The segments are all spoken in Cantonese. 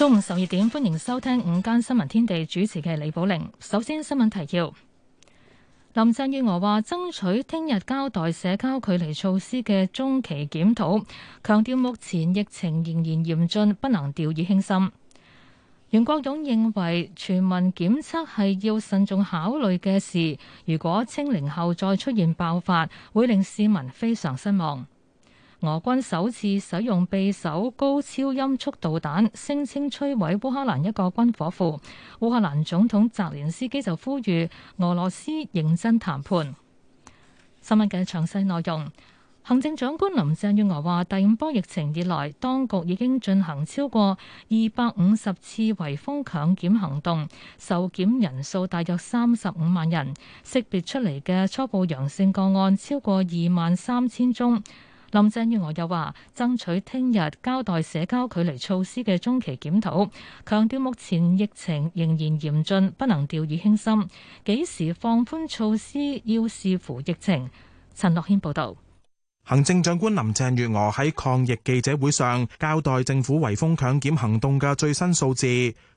中午十二點，歡迎收聽午間新聞天地主持嘅李寶玲。首先，新聞提要：林鄭月娥話爭取聽日交代社交距離措施嘅中期檢討，強調目前疫情仍然嚴峻，不能掉以輕心。袁國勇認為全民檢測係要慎重考慮嘅事，如果清零後再出現爆發，會令市民非常失望。俄軍首次使用匕首高超音速導彈，聲稱摧毀烏，烏克蘭一個軍火庫。烏克蘭總統澤連斯基就呼籲俄羅斯認真談判。新聞嘅詳細內容，行政長官林鄭月娥話：第五波疫情以來，當局已經進行超過二百五十次圍封強檢行動，受檢人數大約三十五萬人，識別出嚟嘅初步陽性個案超過二萬三千宗。林鄭月娥又話：爭取聽日交代社交距離措施嘅中期檢討，強調目前疫情仍然嚴峻，不能掉以輕心。幾時放寬措施要視乎疫情。陳樂軒報導。行政長官林鄭月娥喺抗疫記者會上交代政府圍封強檢行動嘅最新數字。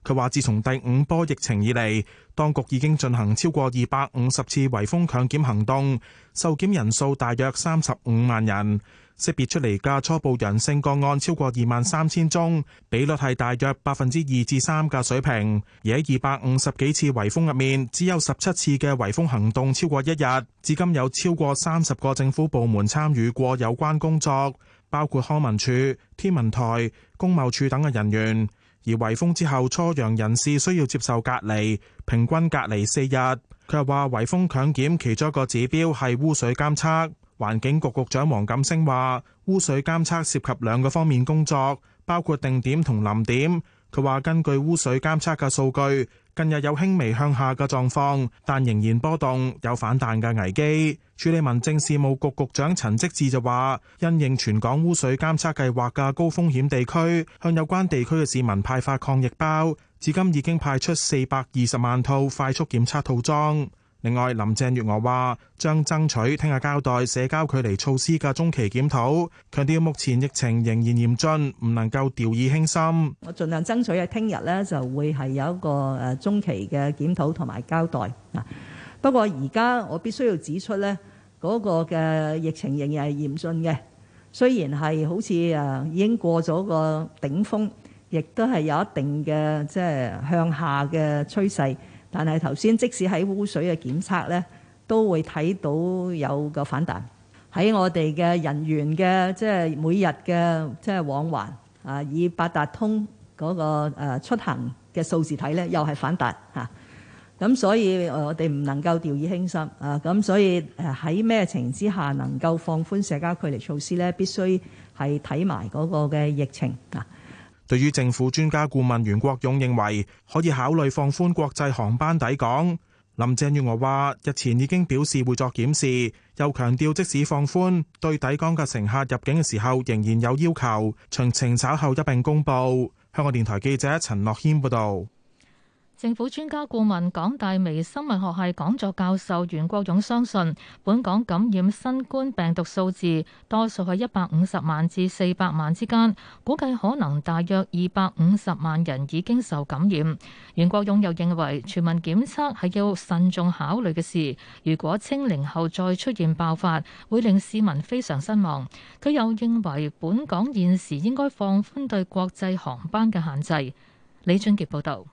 佢話：自從第五波疫情以嚟，當局已經進行超過二百五十次圍封強檢行動，受檢人數大約三十五萬人。識別出嚟嘅初步陽性個案超過二萬三千宗，比率係大約百分之二至三嘅水平。而喺二百五十幾次圍封入面，只有十七次嘅圍封行動超過一日。至今有超過三十個政府部門參與過有關工作，包括康文署、天文台、工貿署等嘅人員。而圍封之後，初陽人士需要接受隔離，平均隔離四日。佢又話，圍封強檢其中一個指標係污水監測。環境局局長黃錦星話：污水監測涉及兩個方面工作，包括定點同臨點。佢話根據污水監測嘅數據，近日有輕微向下嘅狀況，但仍然波動，有反彈嘅危機。處理民政事務局局長陳積志就話：因應全港污水監測計劃嘅高風險地區，向有關地區嘅市民派發抗疫包，至今已經派出四百二十萬套快速檢測套裝。另外，林鄭月娥話將爭取聽日交代社交距離措施嘅中期檢討，強調目前疫情仍然嚴峻，唔能夠掉以輕心。我盡量爭取喺聽日呢就會係有一個誒中期嘅檢討同埋交代。不過而家我必須要指出呢，嗰個嘅疫情仍然係嚴峻嘅，雖然係好似誒已經過咗個頂峰，亦都係有一定嘅即係向下嘅趨勢。但係頭先，即使喺污水嘅檢測呢，都會睇到有個反彈。喺我哋嘅人員嘅即係每日嘅即係往還啊，以八達通嗰、嗰個、誒、出行嘅數字睇呢，又係反彈嚇。咁、啊、所以我哋唔能夠掉以輕心啊。咁所以誒喺咩情形之下能夠放寬社交距離措施呢，必須係睇埋嗰個嘅疫情啊。對於政府專家顧問袁國勇認為可以考慮放寬國際航班抵港，林鄭月娥話日前已經表示會作檢視，又強調即使放寬，對抵港嘅乘客入境嘅時候仍然有要求，詳情稍後一併公布。香港電台記者陳樂謙報道。政府專家顧問、港大微生物學系講座教授袁國勇相信，本港感染新冠病毒數字多數係一百五十萬至四百萬之間，估計可能大約二百五十萬人已經受感染。袁國勇又認為全民檢測係要慎重考慮嘅事，如果清零後再出現爆發，會令市民非常失望。佢又認為本港現時應該放寬對國際航班嘅限制。李俊傑報道。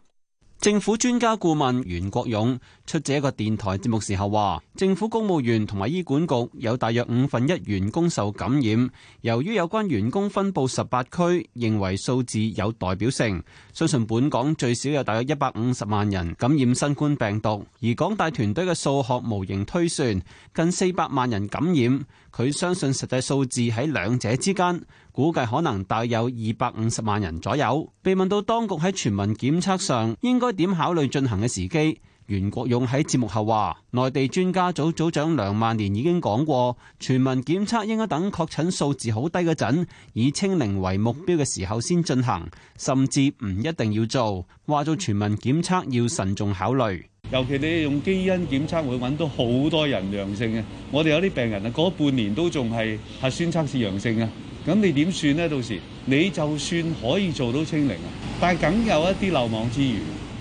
政府專家顧問袁國勇出席一個電台節目時候話，政府公務員同埋醫管局有大約五分一員工受感染。由於有關員工分佈十八區，認為數字有代表性，相信本港最少有大約一百五十萬人感染新冠病毒。而港大團隊嘅數學模型推算近四百萬人感染，佢相信實際數字喺兩者之間，估計可能大約有二百五十萬人左右。被問到當局喺全民檢測上應該一點考慮進行嘅時機。袁國勇喺節目後話，內地專家組組長梁萬年已經講過，全民檢測應該等確診數字好低嗰陣，以清零為目標嘅時候先進行，甚至唔一定要做。話做全民檢測要慎重考慮。尤其你用基因檢測會揾到好多人陽性嘅，我哋有啲病人啊，過咗半年都仲係核酸測試陽性啊，咁你點算呢？到時你就算可以做到清零啊，但係梗有一啲漏網之魚。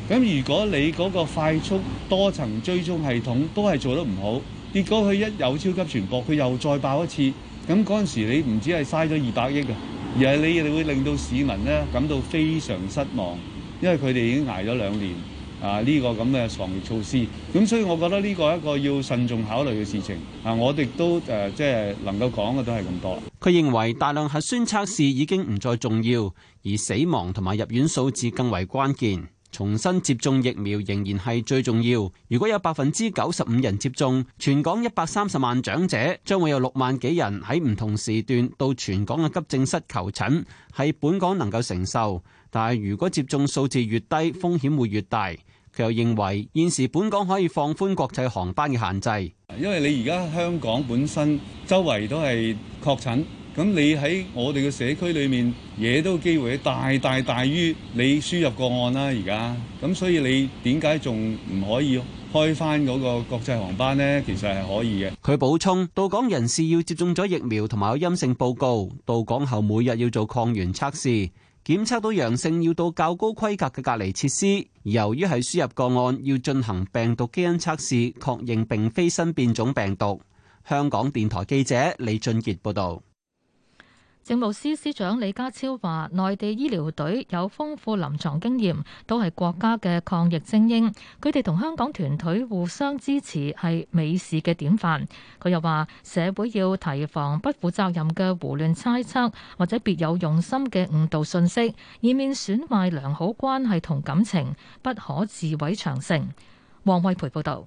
咁如果你嗰個快速多層追蹤系統都係做得唔好，結果佢一有超級傳播，佢又再爆一次，咁嗰陣時你唔止係嘥咗二百億啊，而係你哋會令到市民咧感到非常失望，因為佢哋已經挨咗兩年啊，呢個咁嘅防疫措施。咁所以我覺得呢個一個要慎重考慮嘅事情啊。我哋都誒即係能夠講嘅都係咁多。佢認為大量核酸測試已經唔再重要，而死亡同埋入院數字更為關鍵。重新接種疫苗仍然係最重要。如果有百分之九十五人接種，全港一百三十萬長者將會有六萬幾人喺唔同時段到全港嘅急症室求診，係本港能夠承受。但係如果接種數字越低，風險會越大。佢又認為現時本港可以放寬國際航班嘅限制，因為你而家香港本身周圍都係確診。咁你喺我哋嘅社區裏面嘢都機會大大大於你輸入個案啦。而家咁，所以你點解仲唔可以開返嗰個國際航班呢？其實係可以嘅。佢補充，到港人士要接種咗疫苗同埋有陰性報告，到港後每日要做抗原測試，檢測到陽性要到較高規格嘅隔離設施。由於係輸入個案，要進行病毒基因測試，確認並非新變種病毒。香港電台記者李俊傑報導。政務司司長李家超話，內地醫療隊有豐富臨床經驗，都係國家嘅抗疫精英。佢哋同香港團隊互相支持，係美事嘅典範。佢又話，社會要提防不負責任嘅胡亂猜測，或者別有用心嘅誤導信息，以免損壞良好關係同感情，不可自毀長城。王慧培報道。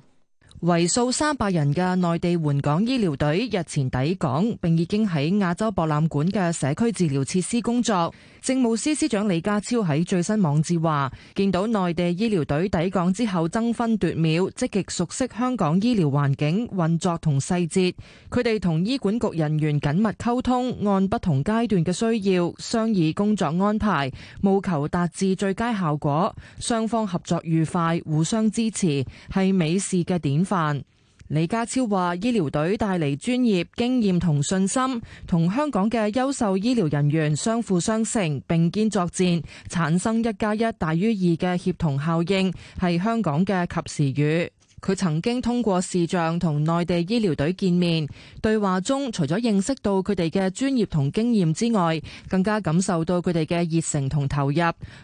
為數三百人嘅內地援港醫療隊日前抵港，並已經喺亞洲博覽館嘅社區治療設施工作。政務司司長李家超喺最新網誌話：見到內地醫療隊抵港之後爭分奪秒，積極熟悉香港醫療環境運作同細節。佢哋同醫管局人員緊密溝通，按不同階段嘅需要商議工作安排，務求達至最佳效果。雙方合作愉快，互相支持，係美事嘅典範。范李家超話：醫療隊帶嚟專業、經驗同信心，同香港嘅優秀醫療人員相輔相成，並肩作戰，產生一加一大於二嘅協同效應，係香港嘅及時雨。佢曾經通過視像同內地醫療隊見面，對話中除咗認識到佢哋嘅專業同經驗之外，更加感受到佢哋嘅熱誠同投入。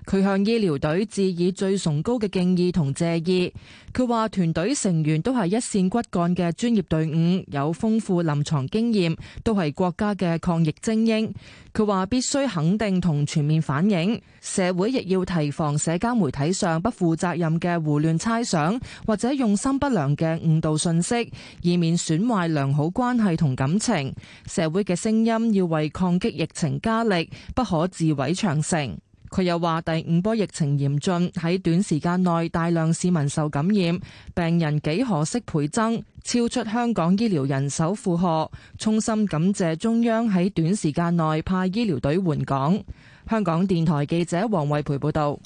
佢向醫療隊致以最崇高嘅敬意同謝意。佢話：團隊成員都係一線骨幹嘅專業隊伍，有豐富臨床經驗，都係國家嘅抗疫精英。佢話必須肯定同全面反映，社會亦要提防社交媒體上不負責任嘅胡亂猜想，或者用心不良嘅誤導信息，以免損壞良好關係同感情。社會嘅聲音要為抗擊疫情加力，不可自毀長城。佢又話：第五波疫情嚴峻，喺短時間內大量市民受感染，病人幾何式倍增，超出香港醫療人手負荷。衷心感謝中央喺短時間內派醫療隊援港。香港電台記者黃惠培報道。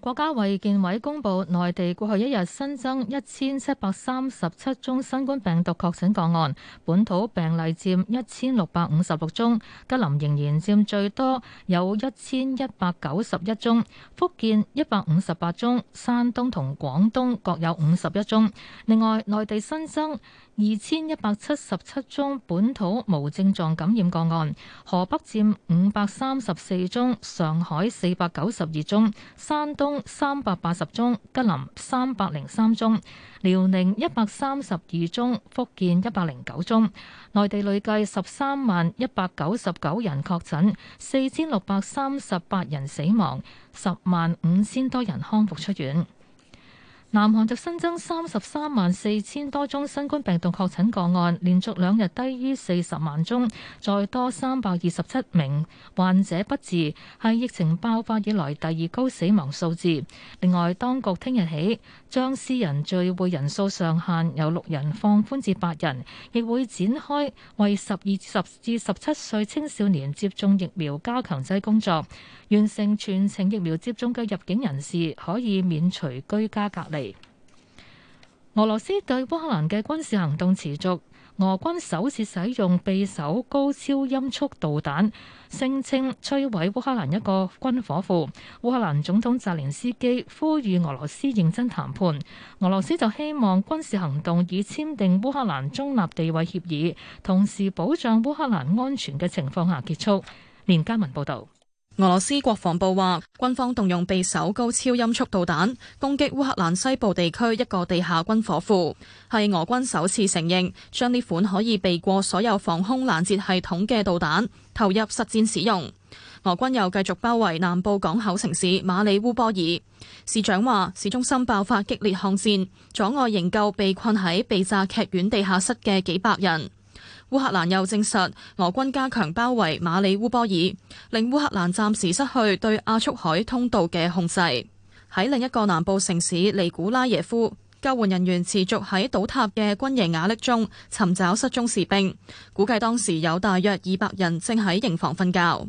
國家衛健委公布，內地過去一日新增一千七百三十七宗新冠病毒確診個案，本土病例佔一千六百五十六宗，吉林仍然佔最多，有一千一百九十一宗，福建一百五十八宗，山東同廣東各有五十一宗。另外，內地新增二千一百七十七宗本土無症狀感染個案，河北佔五百三十四宗，上海四百九十二宗，山東三百八十宗，吉林三百零三宗，遼寧一百三十二宗，福建一百零九宗。內地累計十三萬一百九十九人確診，四千六百三十八人死亡，十萬五千多人康復出院。南韓就新增三十三萬四千多宗新冠病毒確診個案，連續兩日低於四十萬宗，再多三百二十七名患者不治，係疫情爆發以來第二高死亡數字。另外，當局聽日起將私人聚會人數上限由六人放寬至八人，亦會展開為十二至十七歲青少年接種疫苗加強劑工作。完成全程疫苗接種嘅入境人士可以免除居家隔離。俄羅斯對烏克蘭嘅軍事行動持續，俄軍首次使用匕首高超音速導彈，聲稱摧毀烏克蘭一個軍火庫。烏克蘭總統澤連斯基呼籲俄羅斯認真談判，俄羅斯就希望軍事行動以簽訂烏克蘭中立地位協議，同時保障烏克蘭安全嘅情況下結束。連家文報道。俄羅斯國防部話，軍方動用匕首高超音速導彈攻擊烏克蘭西部地區一個地下軍火庫，係俄軍首次承認將呢款可以避過所有防空攔截系統嘅導彈投入實戰使用。俄軍又繼續包圍南部港口城市馬里烏波爾，市長話市中心爆發激烈巷戰，阻礙營救被困喺被炸劇院地下室嘅幾百人。烏克蘭又證實俄軍加強包圍馬里烏波爾，令烏克蘭暫時失去對亞速海通道嘅控制。喺另一個南部城市尼古拉耶夫，救援人員持續喺倒塌嘅軍營瓦礫中尋找失蹤士兵，估計當時有大約二百人正喺營房瞓覺。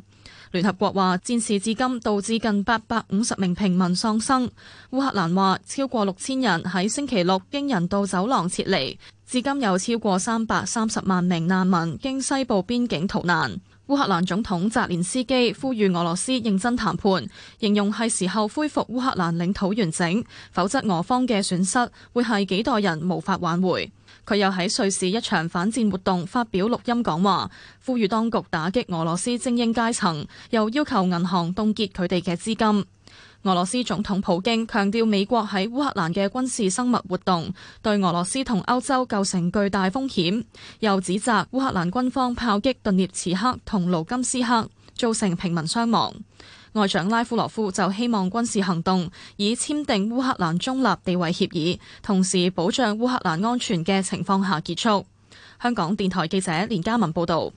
聯合國話，戰事至今導致近八百五十名平民喪生。烏克蘭話，超過六千人喺星期六經人道走廊撤離。至今有超過三百三十萬名難民經西部邊境逃難。烏克蘭總統澤連斯基呼籲俄羅斯認真談判，形容係時候恢復烏克蘭領土完整，否則俄方嘅損失會係幾代人無法挽回。佢又喺瑞士一場反戰活動發表錄音講話，呼籲當局打擊俄羅斯精英階層，又要求銀行凍結佢哋嘅資金。俄羅斯總統普京強調美國喺烏克蘭嘅軍事生物活動對俄羅斯同歐洲構成巨大風險，又指責烏克蘭軍方炮擊頓涅茨克同盧甘斯克，造成平民傷亡。外長拉夫羅夫就希望軍事行動以簽訂烏克蘭中立地位協議，同時保障烏克蘭安全嘅情況下結束。香港電台記者連家文報道。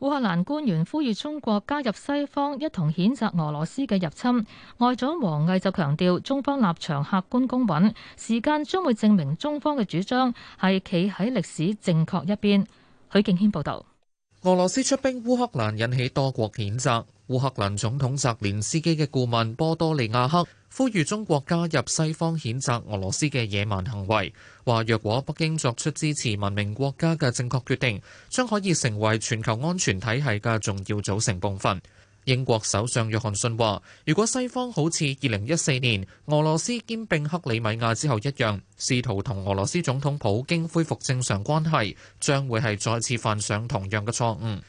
烏克蘭官員呼籲中國加入西方一同譴責俄羅斯嘅入侵。外長王毅就強調，中方立場客觀公允，時間將會證明中方嘅主張係企喺歷史正確一邊。許敬軒報道。俄羅斯出兵烏克蘭引起多國譴責。烏克蘭總統澤連斯基嘅顧問波多利亞克呼籲中國加入西方譴責俄羅斯嘅野蠻行為，話若果北京作出支持文明國家嘅正確決定，將可以成為全球安全體系嘅重要組成部分。英國首相約翰遜話，如果西方好似二零一四年俄羅斯兼併克里米亞之後一樣，試圖同俄羅斯總統普京恢復正常關係，將會係再次犯上同樣嘅錯誤。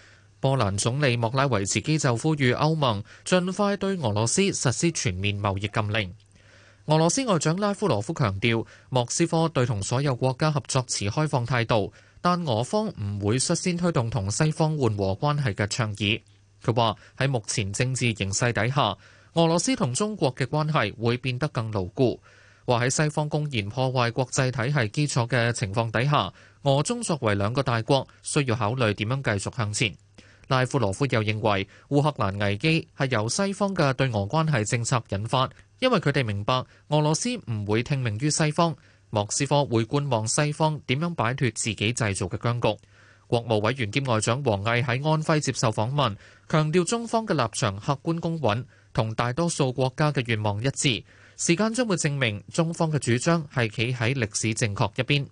波蘭總理莫拉維茨基就呼籲歐盟盡快對俄羅斯實施全面貿易禁令。俄羅斯外長拉夫羅夫強調，莫斯科對同所有國家合作持開放態度，但俄方唔會率先推動同西方緩和關係嘅倡議。佢話喺目前政治形勢底下，俄羅斯同中國嘅關係會變得更牢固。話喺西方公然破壞國際體系基礎嘅情況底下，俄中作為兩個大國，需要考慮點樣繼續向前。拉夫羅夫又認為，烏克蘭危機係由西方嘅對俄關係政策引發，因為佢哋明白俄羅斯唔會聽命於西方，莫斯科會觀望西方點樣擺脫自己製造嘅僵局。國務委員兼外長王毅喺安徽接受訪問，強調中方嘅立場客觀公允，同大多數國家嘅願望一致。時間將會證明中方嘅主張係企喺歷史正確一邊。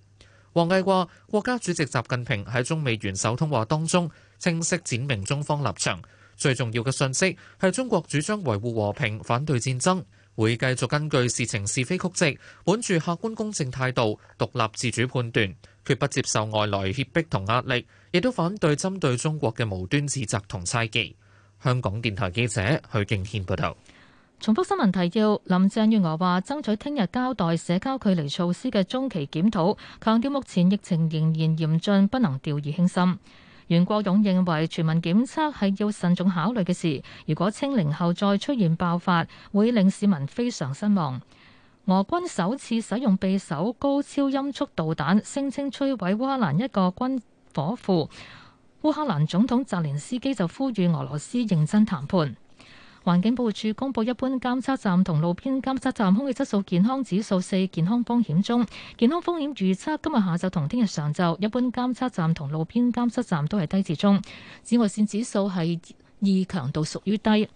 王毅話：國家主席習近平喺中美元首通話當中，清晰闡明中方立場。最重要嘅信息係中國主張維護和平，反對戰爭，會繼續根據事情是非曲直，本住客觀公正態度，獨立自主判斷。決不接受外來脅迫同壓力，亦都反對針對中國嘅無端指責同猜忌。香港電台記者許敬軒報道。重複新聞提要，林鄭月娥話爭取聽日交代社交距離措施嘅中期檢討，強調目前疫情仍然嚴峻，不能掉以輕心。袁國勇認為全民檢測係要慎重考慮嘅事，如果清零後再出現爆發會令市民非常失望。俄軍首次使用匕首高超音速導彈，聲稱摧毀烏克蘭一個軍火庫。烏克蘭總統澤連斯基就呼籲俄羅斯認真談判。環境保護署公佈，一般監測站同路邊監測站空氣質素健康指數四，健康風險中，健康風險預測今日下晝同聽日上晝，一般監測站同路邊監測站都係低至中，紫外線指數係二強度，屬於低。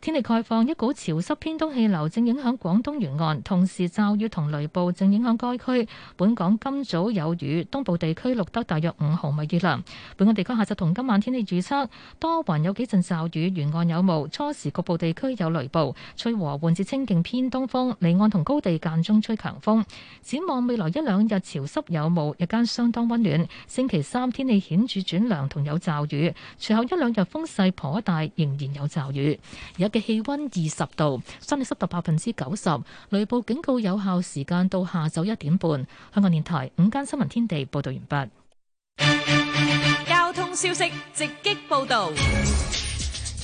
天氣概況，一股潮濕偏東氣流正影響廣東沿岸，同時驟雨同雷暴正影響該區。本港今早有雨，東部地區錄得大約五毫米雨量。本港地區下晝同今晚天氣預測，多雲，有幾陣驟雨，沿岸有霧，初時局部地區有雷暴。吹和緩至清勁偏東風，離岸同高地間中吹強風。展望未來一兩日潮濕有霧，日間相當温暖。星期三天氣顯著轉涼同有驟雨，隨後一兩日風勢頗大，仍然有驟雨。嘅氣溫二十度，相對濕度百分之九十，雷暴警告有效時間到下晝一點半。香港電台午間新聞天地報道完畢。交通消息直擊報道，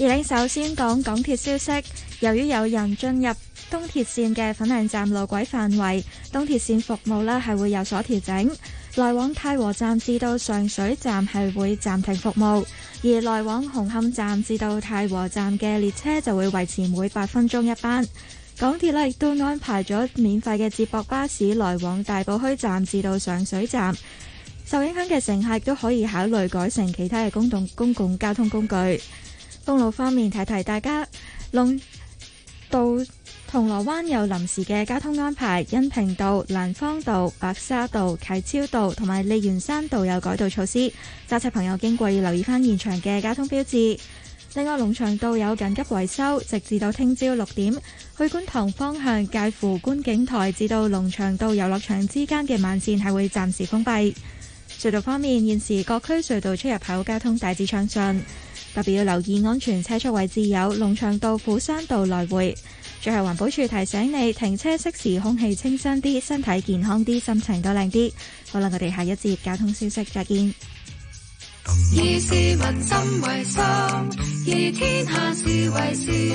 二零首先講港鐵消息，由於有人進入東鐵綫嘅粉嶺站路軌範圍，東鐵綫服務咧係會有所調整。來往太和站至到上水站係會暫停服務，而來往紅磡站至到太和站嘅列車就會維持每八分鐘一班。港鐵呢亦都安排咗免費嘅接駁巴士來往大埔墟站至到上水站，受影響嘅乘客亦都可以考慮改成其他嘅公共公共交通工具。公路方面，提提大家，弄到。銅鑼灣有臨時嘅交通安排，恩平道、蘭芳道、白沙道、啟超道同埋利園山道有改道措施，揸車朋友經過要留意翻現場嘅交通標誌。另外，龍翔道有緊急維修，直至到聽朝六點，去觀塘方向介乎觀景台至到龍翔道遊樂場之間嘅慢線係會暫時封閉。隧道方面，現時各區隧道出入口交通大致暢順。特別要留意安全車速位置有龍翔道、虎山道來回。最後環保署提醒你，停車熄匙，空氣清新啲，身體健康啲，心情都靚啲。好啦，我哋下一節交通消息再見。以市民心為心，以天下事為事。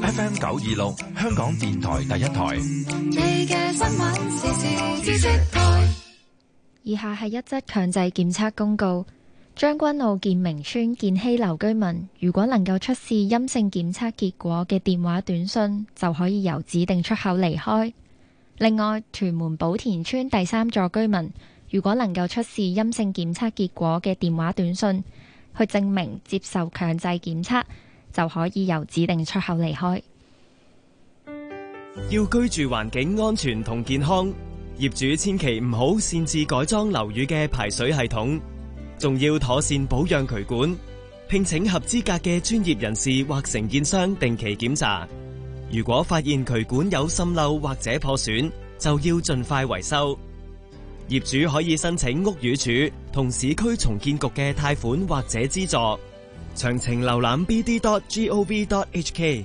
FM 九二六，26，香港電台第一台。你嘅新聞時事知識台。以下係一則強制檢測公告。將軍澳建明村建熙樓居民，如果能夠出示陰性檢測結果嘅電話短信，就可以由指定出口離開。另外，屯門寶田村第三座居民，如果能夠出示陰性檢測結果嘅電話短信，去證明接受強制檢測，就可以由指定出口離開。要居住環境安全同健康，業主千祈唔好擅自改裝樓宇嘅排水系統。仲要妥善保養渠管，聘請合資格嘅專業人士或承建商定期檢查。如果發現渠管有滲漏或者破損，就要盡快維修。業主可以申請屋宇署同市區重建局嘅貸款或者資助。詳情瀏覽 BD.gov.hk。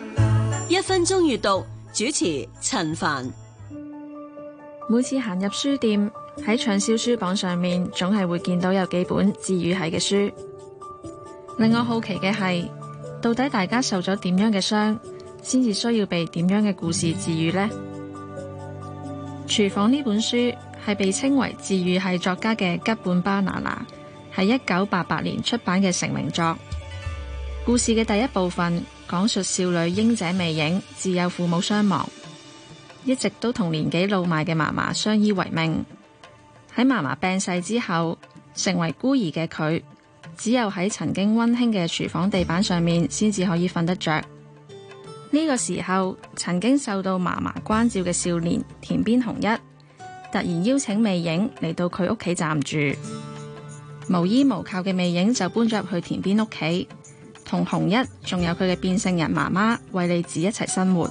一分鐘閱讀，主持陳凡。每次行入書店，喺暢銷書榜上面，總係會見到有幾本治愈系嘅書。令我好奇嘅係，到底大家受咗點樣嘅傷，先至需要被點樣嘅故事治愈呢？《廚房》呢本書係被稱為治愈系作家嘅吉本巴拿拿，係一九八八年出版嘅成名作。故事嘅第一部分。講述少女英姐未影，自幼父母雙亡，一直都同年紀老邁嘅嫲嫲相依為命。喺嫲嫲病逝之後，成為孤兒嘅佢，只有喺曾經溫馨嘅廚房地板上面，先至可以瞓得着。呢、這個時候，曾經受到嫲嫲關照嘅少年田邊雄一，突然邀請未影嚟到佢屋企暫住。無依無靠嘅未影就搬咗入去田邊屋企。同紅一，仲有佢嘅變性人媽媽衛利子一齊生活。